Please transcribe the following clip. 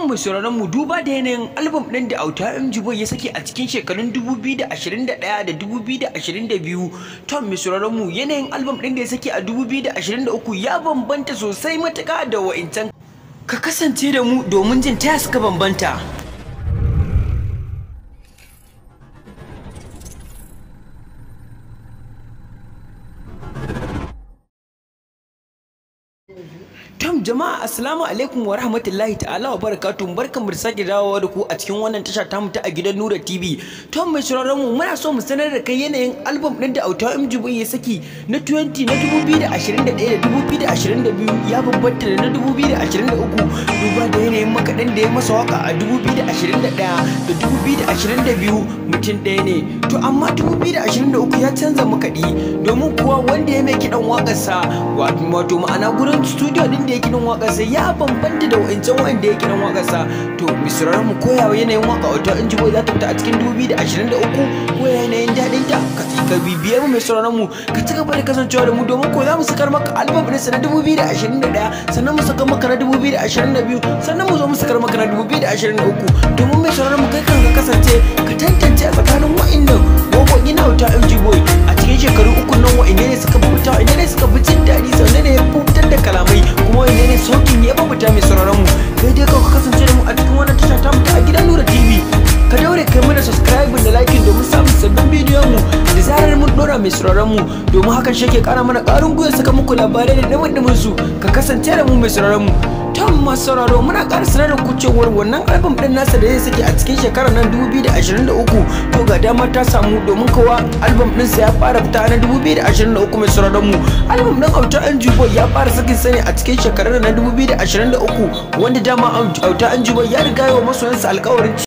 kan mu sauraron mu duba da yanayin album ɗin da Auta MJ Boy ya saki a cikin shekarun 2021 da 2022 ton mu sauraron mu yanayin album ɗin da ya saki a 2023 ya bambanta sosai matuka da wa'incan ka kasance da mu domin jin ta suka bambanta Tom jama'a assalamu alaikum wa rahmatullahi ta'ala wa barakatuhu barkan mu sake dawowa da ku a cikin wannan tasha tamu ta a gidan Nura TV Tom mai sauraron mu muna so mu sanar da kai yanayin album din da Auta Boy ya saki na 20 na 2021 da 2022 ya bambanta da na 2023 duba da yanayin makadan da ya masa waka a 2021 da 2022 mutum ɗaya ne to amma 2023 ya canza makadi domin kuwa wanda ya mai kiɗan waƙarsa wato ma'ana gurin Studio din da ya kiran waka ya bambanta da wancan wanda ya kiran waka sa to misraran mu koyawa yanayin waka auto inji boy za ta fita a cikin 2023 ko yanayin daɗin ta ka ka bibiyar mu misraran mu ka ci gaba da kasancewa da mu domin ko za mu sakar maka album din sa na 2021 sannan mu sakar maka na 2022 sannan mu zo mu sakar maka na 2023 domin misraran mu kai kan ka kasance ka tantance a tsakanin wa'annan waƙoƙi na auto ya bambanta mai sauraron mu kai dai kawai kasance da mu a cikin wannan tasha ta mutu a gidan Nura TV ka daure kai mana subscribe da liking domin samun sabbin bidiyon mu da zarar mun dora mai sauraron mu domin hakan shi ke kara mana karin gwiwa saka muku labarai da dimin su ka kasance da mu mai sauraron mu Na'am masu sauraro muna kara sanar da ku cewar wannan album ɗin nasa da zai saki a cikin shekarar nan 2023 to ga dama ta samu domin kowa din sa ya fara fita na 2023 mai sauraron mu. Album ɗin Auta Anju Boy ya fara sakin sa ne a cikin shekarar na 2023 wanda dama Auta Anju Boy ya riga yi wa masoyansa alƙawarin